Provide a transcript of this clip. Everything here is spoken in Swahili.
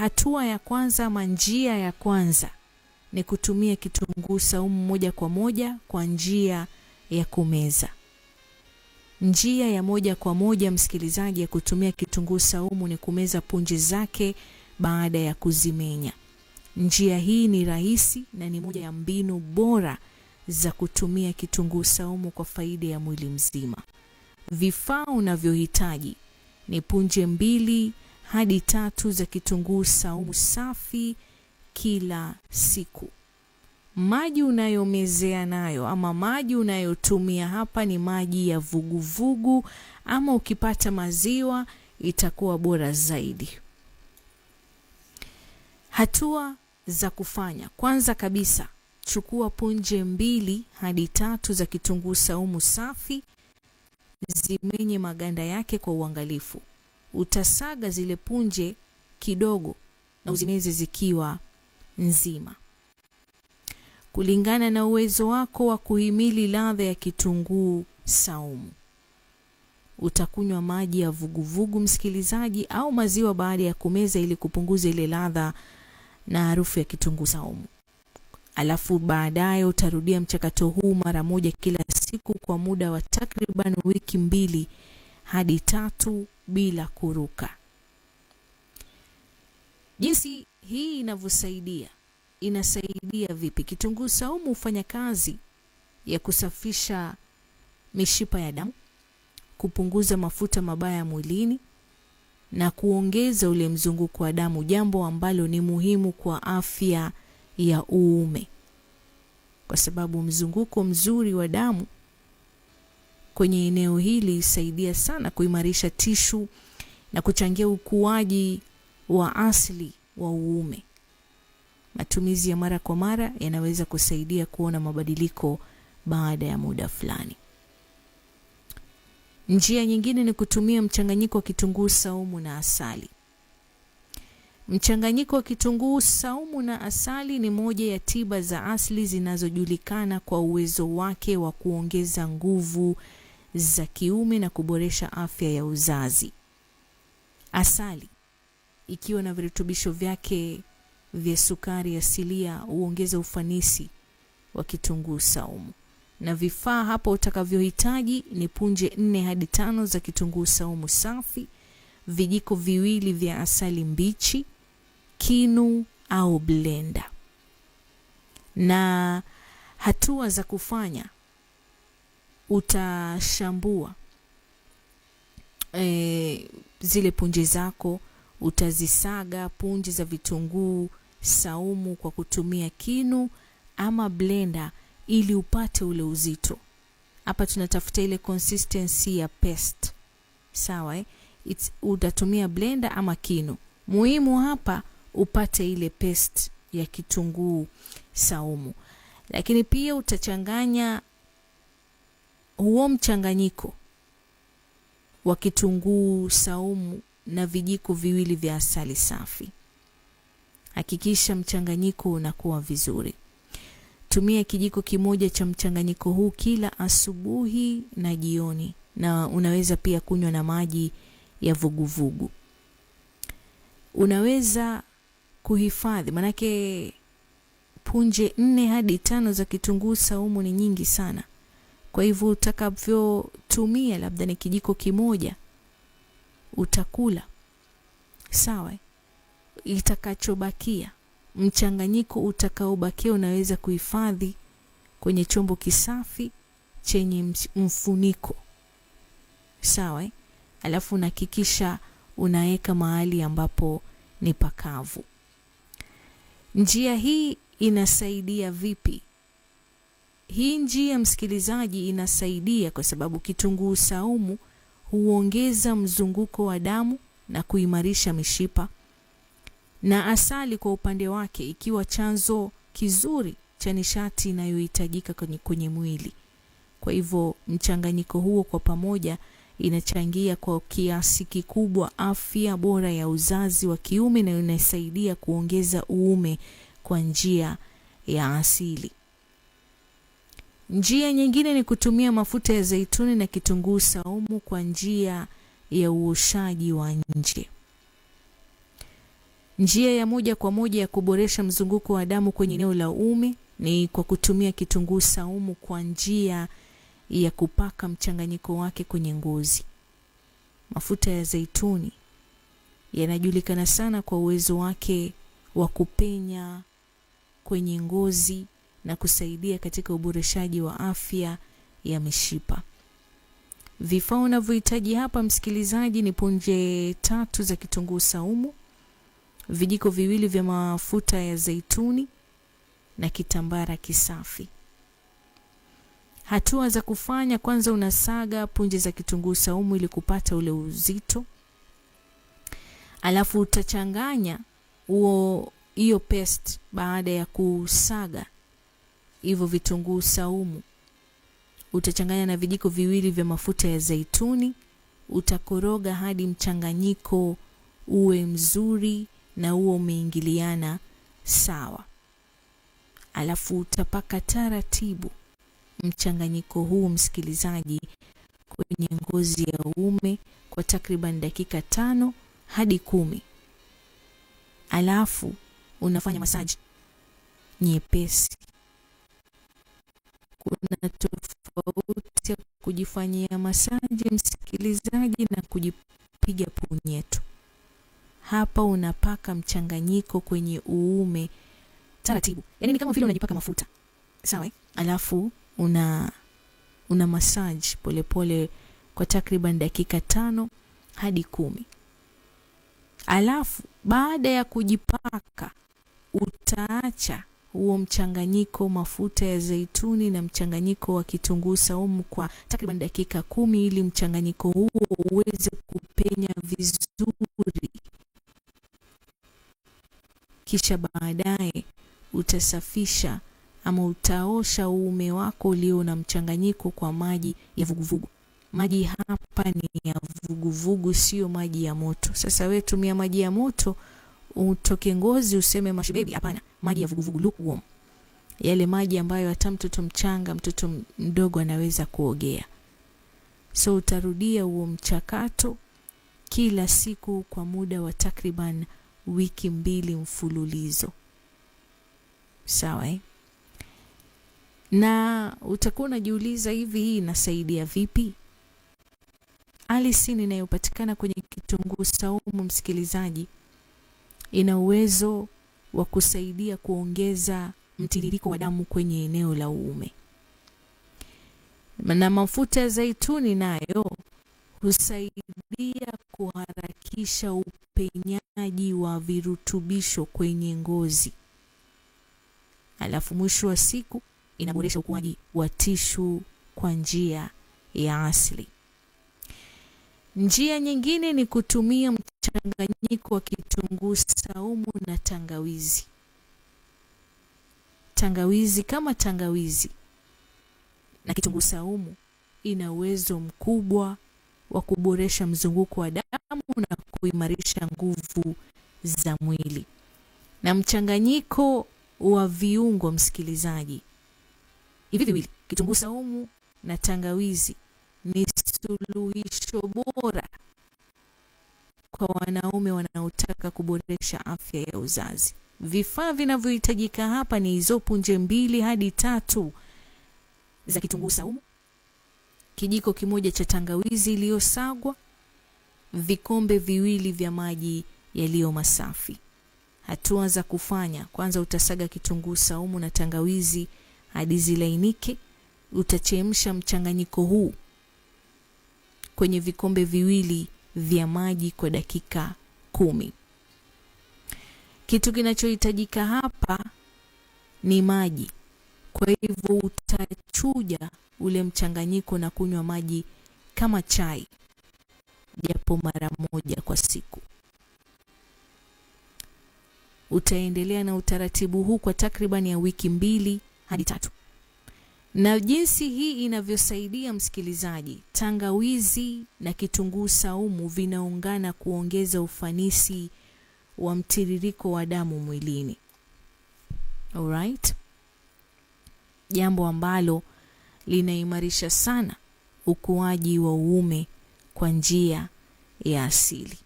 hatua ya kwanza ama njia ya kwanza ni kutumia kitunguu saumu moja kwa moja kwa njia ya kumeza. Njia ya moja kwa moja, msikilizaji, ya kutumia kitunguu saumu ni kumeza punje zake baada ya kuzimenya. Njia hii ni rahisi na ni moja ya mbinu bora za kutumia kitunguu saumu kwa faida ya mwili mzima. Vifaa unavyohitaji ni punje mbili hadi tatu za kitunguu saumu safi kila siku. Maji unayomezea nayo ama maji unayotumia hapa ni maji ya vuguvugu vugu, ama ukipata maziwa itakuwa bora zaidi. Hatua za kufanya: kwanza kabisa, chukua punje mbili hadi tatu za kitunguu saumu safi, zimenye maganda yake kwa uangalifu utasaga zile punje kidogo na uzimeze zikiwa nzima. Kulingana na uwezo wako wa kuhimili ladha ya kitunguu saumu, utakunywa maji ya vuguvugu, msikilizaji, au maziwa baada ya kumeza, ili kupunguza ile ladha na harufu ya kitunguu saumu. Alafu baadaye utarudia mchakato huu mara moja kila siku kwa muda wa takriban wiki mbili hadi tatu bila kuruka. Jinsi hii inavyosaidia, inasaidia vipi? Kitunguu saumu hufanya kazi ya kusafisha mishipa ya damu, kupunguza mafuta mabaya mwilini na kuongeza ule mzunguko wa damu, jambo ambalo ni muhimu kwa afya ya uume, kwa sababu mzunguko mzuri wa damu kwenye eneo hili isaidia sana kuimarisha tishu na kuchangia ukuaji wa asili wa uume. Matumizi ya mara kwa mara yanaweza kusaidia kuona mabadiliko baada ya muda fulani. Njia nyingine ni kutumia mchanganyiko wa kitunguu saumu na asali. Mchanganyiko wa kitunguu saumu na asali ni moja ya tiba za asili zinazojulikana kwa uwezo wake wa kuongeza nguvu za kiume na kuboresha afya ya uzazi. Asali ikiwa na virutubisho vyake vya sukari asilia huongeza ufanisi wa kitunguu saumu, na vifaa hapo utakavyohitaji ni punje nne hadi tano za kitunguu saumu safi, vijiko viwili vya asali mbichi, kinu au blenda. Na hatua za kufanya utashambua e, zile punje zako utazisaga punje za vitunguu saumu kwa kutumia kinu ama blenda ili upate ule uzito. Hapa tunatafuta ile consistency ya paste. Sawa eh? It's, utatumia blenda ama kinu. Muhimu hapa upate ile paste ya kitunguu saumu. Lakini pia utachanganya huo mchanganyiko wa kitunguu saumu na vijiko viwili vya asali safi. Hakikisha mchanganyiko unakuwa vizuri. Tumia kijiko kimoja cha mchanganyiko huu kila asubuhi na jioni, na unaweza pia kunywa na maji ya vuguvugu vugu. Unaweza kuhifadhi, manake punje nne hadi tano za kitunguu saumu ni nyingi sana. Kwa hivyo utakavyotumia labda ni kijiko kimoja utakula sawa, itakachobakia mchanganyiko utakaobakia unaweza kuhifadhi kwenye chombo kisafi chenye mfuniko sawa. Alafu unahakikisha unaweka mahali ambapo ni pakavu. Njia hii inasaidia vipi hii njia msikilizaji, inasaidia kwa sababu kitunguu saumu huongeza mzunguko wa damu na kuimarisha mishipa, na asali kwa upande wake ikiwa chanzo kizuri cha nishati inayohitajika kwenye, kwenye mwili. Kwa hivyo mchanganyiko huo kwa pamoja inachangia kwa kiasi kikubwa afya bora ya uzazi wa kiume na inasaidia kuongeza uume kwa njia ya asili. Njia nyingine ni kutumia mafuta ya zaituni na kitunguu saumu kwa njia ya uoshaji wa nje. Njia ya moja kwa moja ya kuboresha mzunguko wa damu kwenye eneo la uume ni kwa kutumia kitunguu saumu kwa njia ya kupaka mchanganyiko wake kwenye ngozi. Mafuta ya zeituni yanajulikana sana kwa uwezo wake wa kupenya kwenye ngozi na kusaidia katika uboreshaji wa afya ya mishipa. Vifaa unavyohitaji hapa msikilizaji ni punje tatu za kitunguu saumu, vijiko viwili vya mafuta ya zeituni na kitambara kisafi. Hatua za kufanya: kwanza unasaga punje za kitunguu saumu ili kupata ule uzito, alafu utachanganya huo hiyo paste baada ya kusaga hivyo vitunguu saumu. Utachanganya na vijiko viwili vya mafuta ya zaituni, utakoroga hadi mchanganyiko uwe mzuri na uo umeingiliana sawa, alafu utapaka taratibu mchanganyiko huu, msikilizaji, kwenye ngozi ya uume kwa takriban dakika tano hadi kumi. Alafu unafanya masaji nyepesi kuna tofauti ya kujifanyia masaji msikilizaji na kujipiga punyetu Hapa unapaka mchanganyiko kwenye uume taratibu, yani ni kama vile unajipaka mafuta sawa, alafu una una masaji polepole kwa takriban dakika tano hadi kumi. Alafu baada ya kujipaka utaacha huo mchanganyiko mafuta ya zeituni na mchanganyiko wa kitunguu saumu kwa takriban dakika kumi ili mchanganyiko huo uweze kupenya vizuri, kisha baadaye utasafisha ama utaosha uume wako ulio na mchanganyiko kwa maji ya vuguvugu. Maji hapa ni ya vuguvugu, sio maji ya moto. Sasa wewe tumia maji ya moto utoke ngozi useme mash hapana. Maji ya vuguvugu lukewarm, yale maji ambayo hata mtoto mchanga, mtoto mdogo anaweza kuogea. So utarudia huo mchakato kila siku kwa muda wa takriban wiki mbili mfululizo, sawa eh? Na utakuwa unajiuliza hivi, hii inasaidia vipi? Alisi inayopatikana kwenye kitunguu saumu, msikilizaji, ina uwezo wa kusaidia kuongeza mtiririko wa damu kwenye eneo la uume, na mafuta ya zaituni nayo husaidia kuharakisha upenyaji wa virutubisho kwenye ngozi. Alafu mwisho wa siku inaboresha ukuaji wa tishu kwa njia ya asili. Njia nyingine ni kutumia mchanganyiko wa kitunguu saumu na tangawizi. Tangawizi kama tangawizi na kitunguu saumu ina uwezo mkubwa wa kuboresha mzunguko wa damu na kuimarisha nguvu za mwili. Na mchanganyiko wa viungo, msikilizaji, hivi viwili, kitunguu saumu na tangawizi ni suluhisho bora kwa wanaume wanaotaka kuboresha afya ya uzazi. Vifaa vinavyohitajika hapa ni hizo punje mbili hadi tatu za kitunguu saumu, kijiko kimoja cha tangawizi iliyosagwa, vikombe viwili vya maji yaliyo masafi. Hatua za kufanya: kwanza, utasaga kitunguu saumu na tangawizi hadi zilainike. Utachemsha mchanganyiko huu kwenye vikombe viwili vya maji kwa dakika kumi. Kitu kinachohitajika hapa ni maji, kwa hivyo utachuja ule mchanganyiko na kunywa maji kama chai, japo mara moja kwa siku. Utaendelea na utaratibu huu kwa takribani ya wiki mbili hadi tatu na jinsi hii inavyosaidia msikilizaji, tangawizi na kitunguu saumu vinaungana kuongeza ufanisi wa mtiririko wa damu mwilini. Alright, jambo ambalo linaimarisha sana ukuaji wa uume kwa njia ya asili.